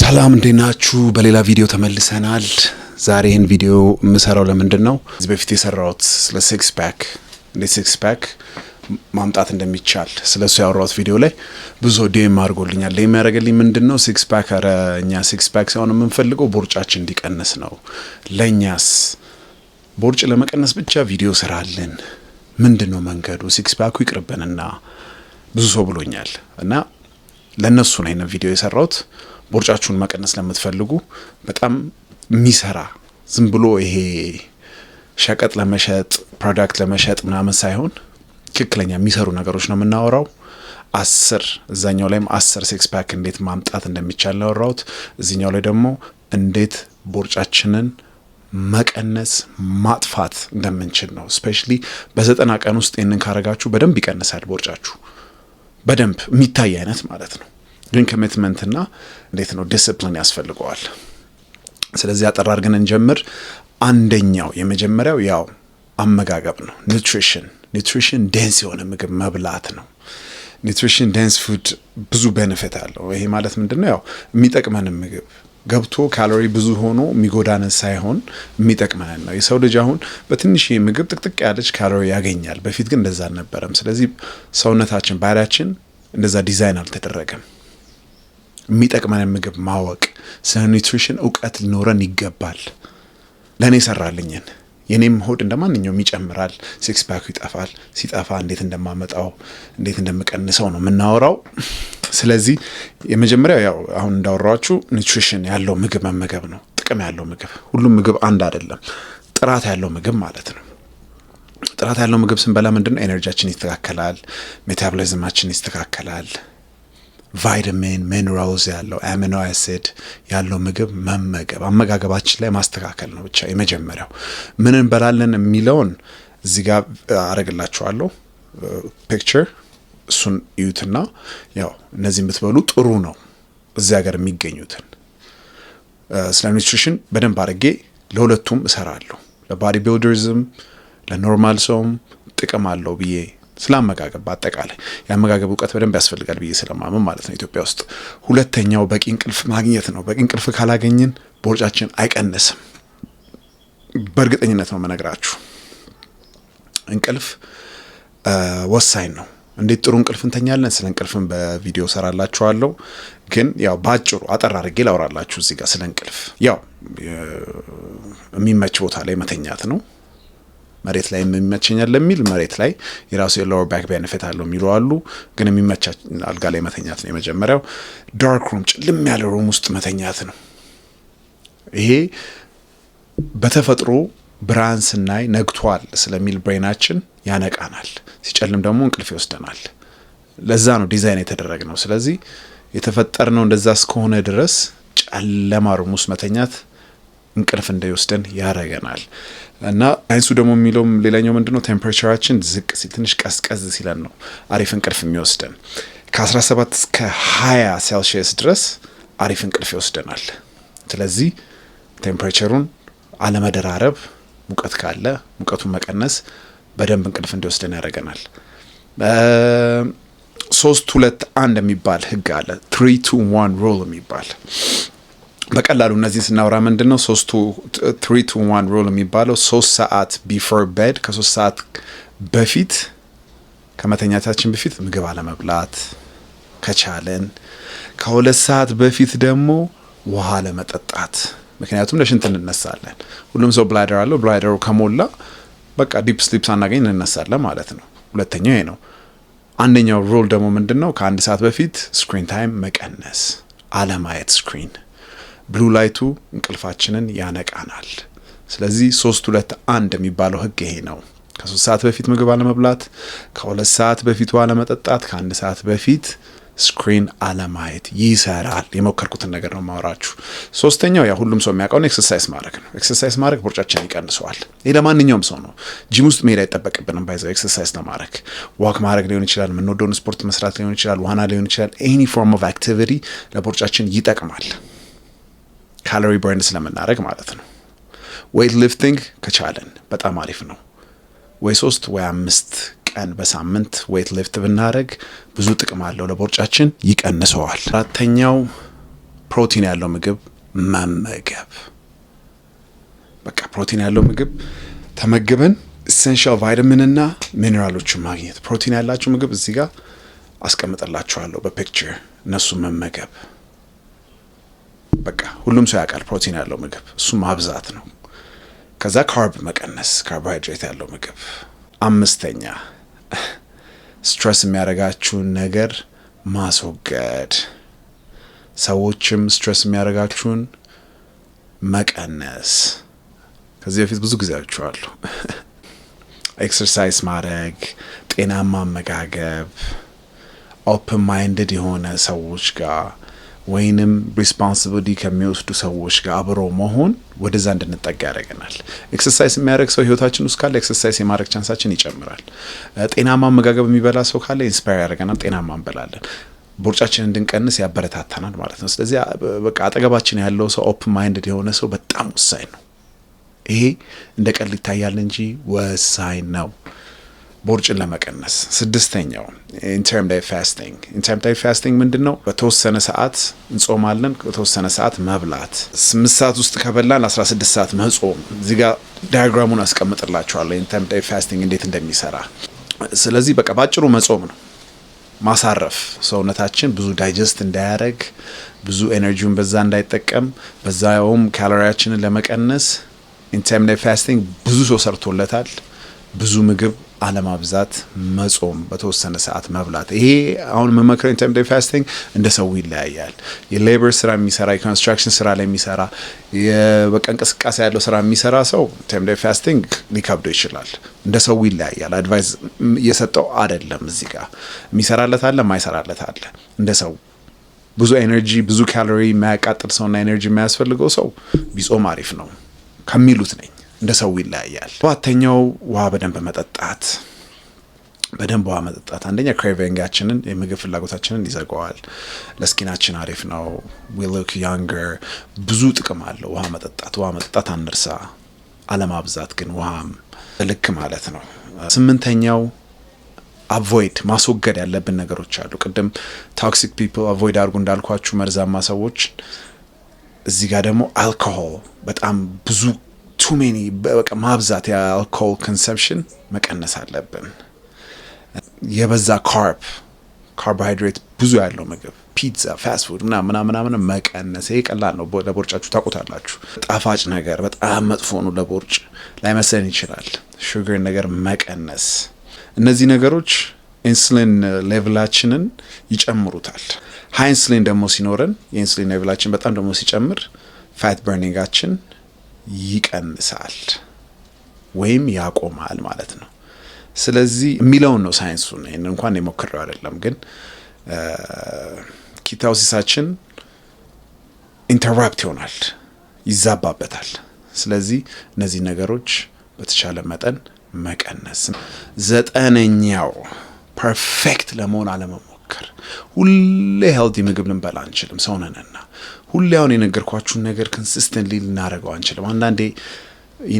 ሰላም እንዴት ናችሁ? በሌላ ቪዲዮ ተመልሰናል። ዛሬ ይህን ቪዲዮ የምሰራው ለምንድን ነው? እዚህ በፊት የሰራሁት ስለ ሲክስ ፓክ እንዴት ሲክስ ፓክ ማምጣት እንደሚቻል ስለ እሱ ያወራሁት ቪዲዮ ላይ ብዙ ዲኤም አድርጎልኛል። ዲኤም ያደረገልኝ ምንድን ነው? ሲክስ ፓክ ኧረ እኛ ሲክስ ፓክ ሳይሆን የምንፈልገው ቦርጫችን እንዲቀንስ ነው። ለእኛስ ቦርጭ ለመቀነስ ብቻ ቪዲዮ ስራልን። ምንድን ነው መንገዱ? ሲክስ ፓኩ ይቅርብንና ብዙ ሰው ብሎኛል እና ለእነሱ ነው ይህንን ቪዲዮ የሰራሁት። ቦርጫችሁን መቀነስ ለምትፈልጉ በጣም የሚሰራ ዝም ብሎ ይሄ ሸቀጥ ለመሸጥ ፕሮዳክት ለመሸጥ ምናምን ሳይሆን ትክክለኛ የሚሰሩ ነገሮች ነው የምናወራው። አስር እዛኛው ላይም አስር ሴክስ ፓክ እንዴት ማምጣት እንደሚቻል ነው ያወራሁት። እዚኛው ላይ ደግሞ እንዴት ቦርጫችንን መቀነስ ማጥፋት እንደምንችል ነው። ስፔሻሊ በዘጠና ቀን ውስጥ ይህንን ካረጋችሁ በደንብ ይቀንሳል ቦርጫችሁ። በደንብ የሚታይ አይነት ማለት ነው። ግን ኮሚትመንትና እንዴት ነው ዲስፕሊን ያስፈልገዋል። ስለዚህ አጠራር ግን እንጀምር። አንደኛው የመጀመሪያው ያው አመጋገብ ነው። ኒትሪሽን ኒትሪሽን ዴንስ የሆነ ምግብ መብላት ነው። ኒትሪሽን ዴንስ ፉድ ብዙ ቤኔፊት አለው። ይሄ ማለት ምንድን ነው? ያው የሚጠቅመንም ምግብ ገብቶ ካሎሪ ብዙ ሆኖ የሚጎዳንን ሳይሆን የሚጠቅመንን ነው። የሰው ልጅ አሁን በትንሽ ምግብ ጥቅጥቅ ያለች ካሎሪ ያገኛል። በፊት ግን እንደዛ አልነበረም። ስለዚህ ሰውነታችን፣ ባህሪያችን እንደዛ ዲዛይን አልተደረገም። የሚጠቅመንን ምግብ ማወቅ፣ ስለ ኒትሪሽን እውቀት ሊኖረን ይገባል። ለእኔ ሰራልኝን የኔም ሆድ እንደ ማንኛውም ይጨምራል፣ ሲክስ ፓክ ይጠፋል። ሲጠፋ እንዴት እንደማመጣው እንዴት እንደምቀንሰው ነው የምናወራው። ስለዚህ የመጀመሪያው ያው አሁን እንዳወራችሁ ኒትሪሽን ያለው ምግብ መመገብ ነው። ጥቅም ያለው ምግብ፣ ሁሉም ምግብ አንድ አይደለም። ጥራት ያለው ምግብ ማለት ነው። ጥራት ያለው ምግብ ስንበላ ምንድነው ኤነርጂያችን ይስተካከላል፣ ሜታቦሊዝማችን ይስተካከላል። ቫይታሚን ሚኒራልስ ያለው አሚኖ አሲድ ያለው ምግብ መመገብ አመጋገባችን ላይ ማስተካከል ነው። ብቻ የመጀመሪያው ምን እንበላለን የሚለውን እዚህ ጋር አረግላችኋለሁ ፒክቸር እሱን እዩትና ያው እነዚህ የምትበሉ ጥሩ ነው። እዚህ ሀገር የሚገኙትን ስለ ኒትሪሽን በደንብ አድርጌ ለሁለቱም እሰራለሁ። ለባዲ ቢልደርዝም ለኖርማል ሰውም ጥቅም አለው ብዬ ስለ አመጋገብ በአጠቃላይ የአመጋገብ እውቀት በደንብ ያስፈልጋል ብዬ ስለማመን ማለት ነው። ኢትዮጵያ ውስጥ ሁለተኛው በቂ እንቅልፍ ማግኘት ነው። በቂ እንቅልፍ ካላገኝን ቦርጫችን አይቀንስም። በእርግጠኝነት ነው የምነግራችሁ። እንቅልፍ ወሳኝ ነው። እንዴት ጥሩ እንቅልፍ እንተኛለን። ስለ እንቅልፍም በቪዲዮ ሰራላችኋለሁ። ግን ያው በአጭሩ አጠር አድርጌ ላውራላችሁ እዚህ ጋር ስለ እንቅልፍ። ያው የሚመች ቦታ ላይ መተኛት ነው። መሬት ላይ የሚመቸኛል ለሚል መሬት ላይ የራሱ የሎወር ባክ ቤኔፊት አለው የሚሉ አሉ። ግን የሚመቻ አልጋ ላይ መተኛት ነው የመጀመሪያው። ዳርክ ሩም፣ ጭልም ያለ ሩም ውስጥ መተኛት ነው። ይሄ በተፈጥሮ ብርሃን ስናይ ነግቷል ስለሚል ብሬናችን ያነቃናል፣ ሲጨልም ደግሞ እንቅልፍ ይወስደናል። ለዛ ነው ዲዛይን የተደረግ ነው። ስለዚህ የተፈጠር ነው እንደዛ እስከሆነ ድረስ ጨለማ ሩም ውስጥ መተኛት እንቅልፍ እንዳይወስደን ያደርገናል። እና ሳይንሱ ደግሞ የሚለውም ሌላኛው ነው ቴምፐሬቸራችን ዝቅ ሲል ትንሽ ቀዝቀዝ ሲለን ነው አሪፍ እንቅልፍ የሚወስደን። ከ17 እስከ 20 ሴልሺየስ ድረስ አሪፍ እንቅልፍ ይወስደናል። ስለዚህ ቴምፐሬቸሩን አለመደራረብ፣ ሙቀት ካለ ሙቀቱን መቀነስ በደንብ እንቅልፍ እንዲወስደን ያደርገናል። ሶስት ሁለት አንድ የሚባል ህግ አለ። ትሪ ቱ ዋን ሮል የሚባል በቀላሉ እነዚህን ስናወራ ምንድን ነው ሶስቱ ትሪ ቱ ዋን ሮል የሚባለው ሶስት ሰዓት ቢፎር ቤድ ከሶስት ሰዓት በፊት ከመተኛታችን በፊት ምግብ አለመብላት ከቻለን ከሁለት ሰዓት በፊት ደግሞ ውሃ ለመጠጣት ምክንያቱም ለሽንት እንነሳለን። ሁሉም ሰው ብላይደር አለው። ብላይደሩ ከሞላ በቃ ዲፕ ስሊፕ ሳናገኝ እንነሳለን ማለት ነው። ሁለተኛው ይሄ ነው። አንደኛው ሮል ደግሞ ምንድን ነው? ከአንድ ሰዓት በፊት ስክሪን ታይም መቀነስ፣ አለማየት ስክሪን። ብሉ ላይቱ እንቅልፋችንን ያነቃናል። ስለዚህ ሶስት ሁለት አንድ የሚባለው ህግ ይሄ ነው። ከሶስት ሰዓት በፊት ምግብ አለመብላት፣ ከሁለት ሰዓት በፊት ውሃ አለመጠጣት፣ ከአንድ ሰዓት በፊት ስክሪን አለማየት ይሰራል። የሞከርኩትን ነገር ነው ማወራችሁ። ሶስተኛው ያ ሁሉም ሰው የሚያውቀውን ኤክሰርሳይዝ ማድረግ ነው። ኤክሰርሳይዝ ማድረግ ቦርጫችን ይቀንሰዋል። ይህ ለማንኛውም ሰው ነው። ጂም ውስጥ መሄድ አይጠበቅብንም። ባይዘው ኤክሰርሳይዝ ለማድረግ ዋክ ማድረግ ሊሆን ይችላል፣ የምንወደውን ስፖርት መስራት ሊሆን ይችላል፣ ዋና ሊሆን ይችላል። ኤኒ ፎርም ኦፍ አክቲቪቲ ለቦርጫችን ይጠቅማል፣ ካሎሪ በርን ስለምናደረግ ማለት ነው። ዌይት ሊፍቲንግ ከቻለን በጣም አሪፍ ነው። ወይ ሶስት ወይ አምስት ቀን በሳምንት ዌት ሊፍት ብናደረግ ብዙ ጥቅም አለው፣ ለቦርጫችን ይቀንሰዋል። አራተኛው ፕሮቲን ያለው ምግብ መመገብ። በቃ ፕሮቲን ያለው ምግብ ተመግበን ኢሴንሻል ቫይታሚንና ሚኔራሎችን ማግኘት። ፕሮቲን ያላቸው ምግብ እዚህ ጋር አስቀምጥላችኋለሁ በፒክቸር እነሱ መመገብ። በቃ ሁሉም ሰው ያውቃል ፕሮቲን ያለው ምግብ እሱ ማብዛት ነው። ከዛ ካርብ መቀነስ፣ ካርቦሃይድሬት ያለው ምግብ። አምስተኛ ስትረስ የሚያደርጋችሁን ነገር ማስወገድ፣ ሰዎችም ስትረስ የሚያደርጋችሁን መቀነስ። ከዚህ በፊት ብዙ ጊዜ አውርቻለሁ። ኤክሰርሳይዝ ማድረግ፣ ጤናማ አመጋገብ፣ ኦፕን ማይንድድ የሆነ ሰዎች ጋር ወይንም ሪስፖንሲቢሊቲ ከሚወስዱ ሰዎች ጋር አብሮ መሆን ወደዛ እንድንጠጋ ያደርገናል። ኤክሰርሳይዝ የሚያደርግ ሰው ህይወታችን ውስጥ ካለ ኤክሰርሳይዝ የማድረግ ቻንሳችን ይጨምራል። ጤናማ አመጋገብ የሚበላ ሰው ካለ ኢንስፓየር ያደርገናል፣ ጤናማ እንበላለን። ቦርጫችን እንድንቀንስ ያበረታታናል ማለት ነው። ስለዚህ በቃ አጠገባችን ያለው ሰው ኦፕን ማይንድድ የሆነ ሰው በጣም ወሳኝ ነው። ይሄ እንደ ይታያል እንጂ ወሳኝ ነው። ቦርጭን ለመቀነስ ስድስተኛው ኢንተርም ፋስቲንግ። ኢንተርም ፋስቲንግ ምንድን ነው? በተወሰነ ሰዓት እንጾማለን፣ በተወሰነ ሰዓት መብላት። ስምንት ሰዓት ውስጥ ከበላን 16 ሰዓት መጾም። እዚህ ጋር ዳያግራሙን አስቀምጥላችኋለሁ ኢንተርም ፋስቲንግ እንዴት እንደሚሰራ። ስለዚህ በቃ ባጭሩ መጾም ነው ማሳረፍ ሰውነታችን ብዙ ዳይጀስት እንዳያደረግ ብዙ ኤነርጂውን በዛ እንዳይጠቀም በዛውም ካሎሪያችንን ለመቀነስ ኢንተርሚተንት ፋስቲንግ ብዙ ሰው ሰርቶለታል። ብዙ ምግብ አለማብዛት፣ መጾም፣ በተወሰነ ሰዓት መብላት። ይሄ አሁን የምመክረው ኢንተርሚቴንት ፋስቲንግ እንደ ሰው ይለያያል። የሌበር ስራ የሚሰራ የኮንስትራክሽን ስራ ላይ የሚሰራ በቃ እንቅስቃሴ ያለው ስራ የሚሰራ ሰው ኢንተርሚቴንት ፋስቲንግ ሊከብደው ይችላል። እንደ ሰው ይለያያል። አድቫይስ እየሰጠው አይደለም። እዚህ ጋር የሚሰራለት አለ፣ ማይሰራለት አለ። እንደ ሰው ብዙ ኤነርጂ ብዙ ካሎሪ የማያቃጥል ሰውና ኤነርጂ የማያስፈልገው ሰው ቢጾም አሪፍ ነው ከሚሉት ነኝ። እንደ ሰው ይለያያል። ሰባተኛው ውሃ በደንብ መጠጣት በደንብ ውሃ መጠጣት አንደኛ ክሬቪንጋችንን የምግብ ፍላጎታችንን ይዘጋዋል። ለስኪናችን አሪፍ ነው። ዊ ሉክ ያንገር ብዙ ጥቅም አለው ውሃ መጠጣት። ውሃ መጠጣት አንርሳ፣ አለማብዛት ግን ውሃም ልክ ማለት ነው። ስምንተኛው አቮይድ ማስወገድ ያለብን ነገሮች አሉ። ቅድም ቶክሲክ ፒፕል አቮይድ አድርጉ እንዳልኳችሁ መርዛማ ሰዎች። እዚህ ጋር ደግሞ አልኮሆል በጣም ብዙ ቱሜኒ በቃ ማብዛት የአልኮል ኮንሰፕሽን መቀነስ አለብን። የበዛ ካርፕ ካርቦሃይድሬት ብዙ ያለው ምግብ ፒዛ፣ ፋስት ፉድ ምናምን ምናምን መቀነስ። ይሄ ቀላል ነው፣ ለቦርጫችሁ ታውቁታላችሁ። ጣፋጭ ነገር በጣም መጥፎ ነው ለቦርጭ ላይመስለን ይችላል። ሹገር ነገር መቀነስ፣ እነዚህ ነገሮች ኢንሱሊን ሌቭላችንን ይጨምሩታል። ሀይ ኢንስሊን ደግሞ ሲኖረን የኢንሱሊን ሌቭላችን በጣም ደግሞ ሲጨምር ፋት በርኒንጋችን ይቀንሳል ወይም ያቆማል ማለት ነው። ስለዚህ የሚለውን ነው ሳይንሱን። ይህን እንኳን የሞክረው አይደለም፣ ግን ኪታውሲሳችን ኢንተራፕት ይሆናል፣ ይዛባበታል። ስለዚህ እነዚህ ነገሮች በተቻለ መጠን መቀነስ። ዘጠነኛው ፐርፌክት ለመሆን አለመሞ እንሞክር። ሁሌ ሄልቲ ምግብ ልንበላ አንችልም፣ ሰውነንና ሁሌ አሁን የነገርኳችሁን ነገር ኮንሲስተንትሊ ልናደርገው አንችልም። አንዳንዴ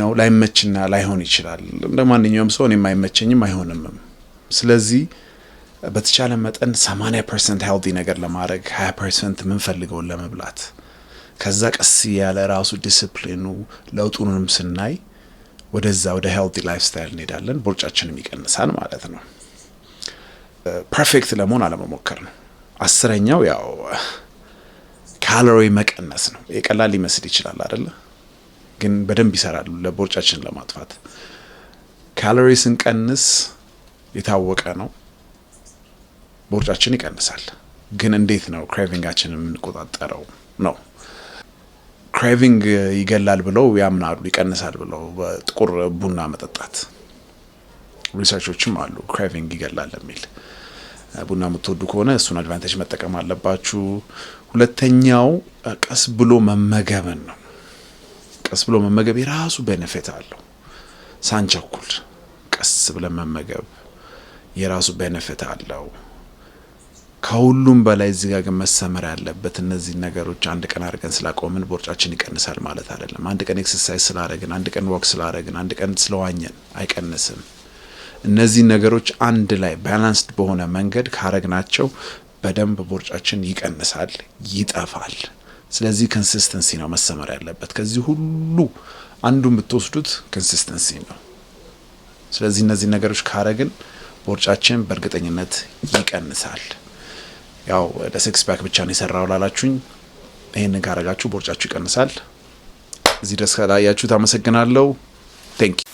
ነው ላይመችና ላይሆን ይችላል። እንደ ማንኛውም ሰው እኔም አይመቸኝም አይሆንምም። ስለዚህ በተቻለ መጠን 80 ፐርሰንት ሄልቲ ነገር ለማድረግ 20 ፐርሰንት የምንፈልገውን ለመብላት ከዛ ቀስ ያለ ራሱ ዲስፕሊኑ ለውጡንም ስናይ ወደዛ ወደ ሄልቲ ላይፍ ስታይል እንሄዳለን። ቦርጫችንም ይቀንሳል ማለት ነው። ፐርፌክት ለመሆን አለመሞከር ነው። አስረኛው ያው ካሎሪ መቀነስ ነው። የቀላል ሊመስል ይችላል አይደለ? ግን በደንብ ይሰራሉ ለቦርጫችን ለማጥፋት። ካሎሪ ስንቀንስ የታወቀ ነው ቦርጫችን ይቀንሳል። ግን እንዴት ነው ክሬቪንጋችን የምንቆጣጠረው ነው። ክሬቪንግ ይገላል ብለው ያምናሉ፣ ይቀንሳል ብለው በጥቁር ቡና መጠጣት ሪሰርቾችም አሉ ክራይቪንግ ይገላል የሚል ቡና የምትወዱ ከሆነ እሱን አድቫንቴጅ መጠቀም አለባችሁ። ሁለተኛው ቀስ ብሎ መመገብን ነው። ቀስ ብሎ መመገብ የራሱ ቤኔፊት አለው። ሳንቸኩል ቀስ ብለን መመገብ የራሱ ቤኔፊት አለው። ከሁሉም በላይ እዚህ ጋር ግን መሰመር ያለበት እነዚህ ነገሮች አንድ ቀን አድርገን ስላቆምን ቦርጫችን ይቀንሳል ማለት አይደለም። አንድ ቀን ኤክሰርሳይዝ ስላረግን፣ አንድ ቀን ወክ ስላረግን፣ አንድ ቀን ስለዋኘን አይቀንስም። እነዚህ ነገሮች አንድ ላይ ባላንስድ በሆነ መንገድ ካረግናቸው በደንብ ቦርጫችን ይቀንሳል፣ ይጠፋል። ስለዚህ ኮንሲስተንሲ ነው መሰመር ያለበት። ከዚህ ሁሉ አንዱ የምትወስዱት ኮንሲስተንሲ ነው። ስለዚህ እነዚህ ነገሮች ካረግን ቦርጫችን በእርግጠኝነት ይቀንሳል። ያው ለሴክስ ፓክ ብቻ ነው የሰራው ላላችሁኝ ይህንን ካረጋችሁ ቦርጫችሁ ይቀንሳል። እዚህ ድረስ ካላያችሁት አመሰግናለሁ። ቴንኪ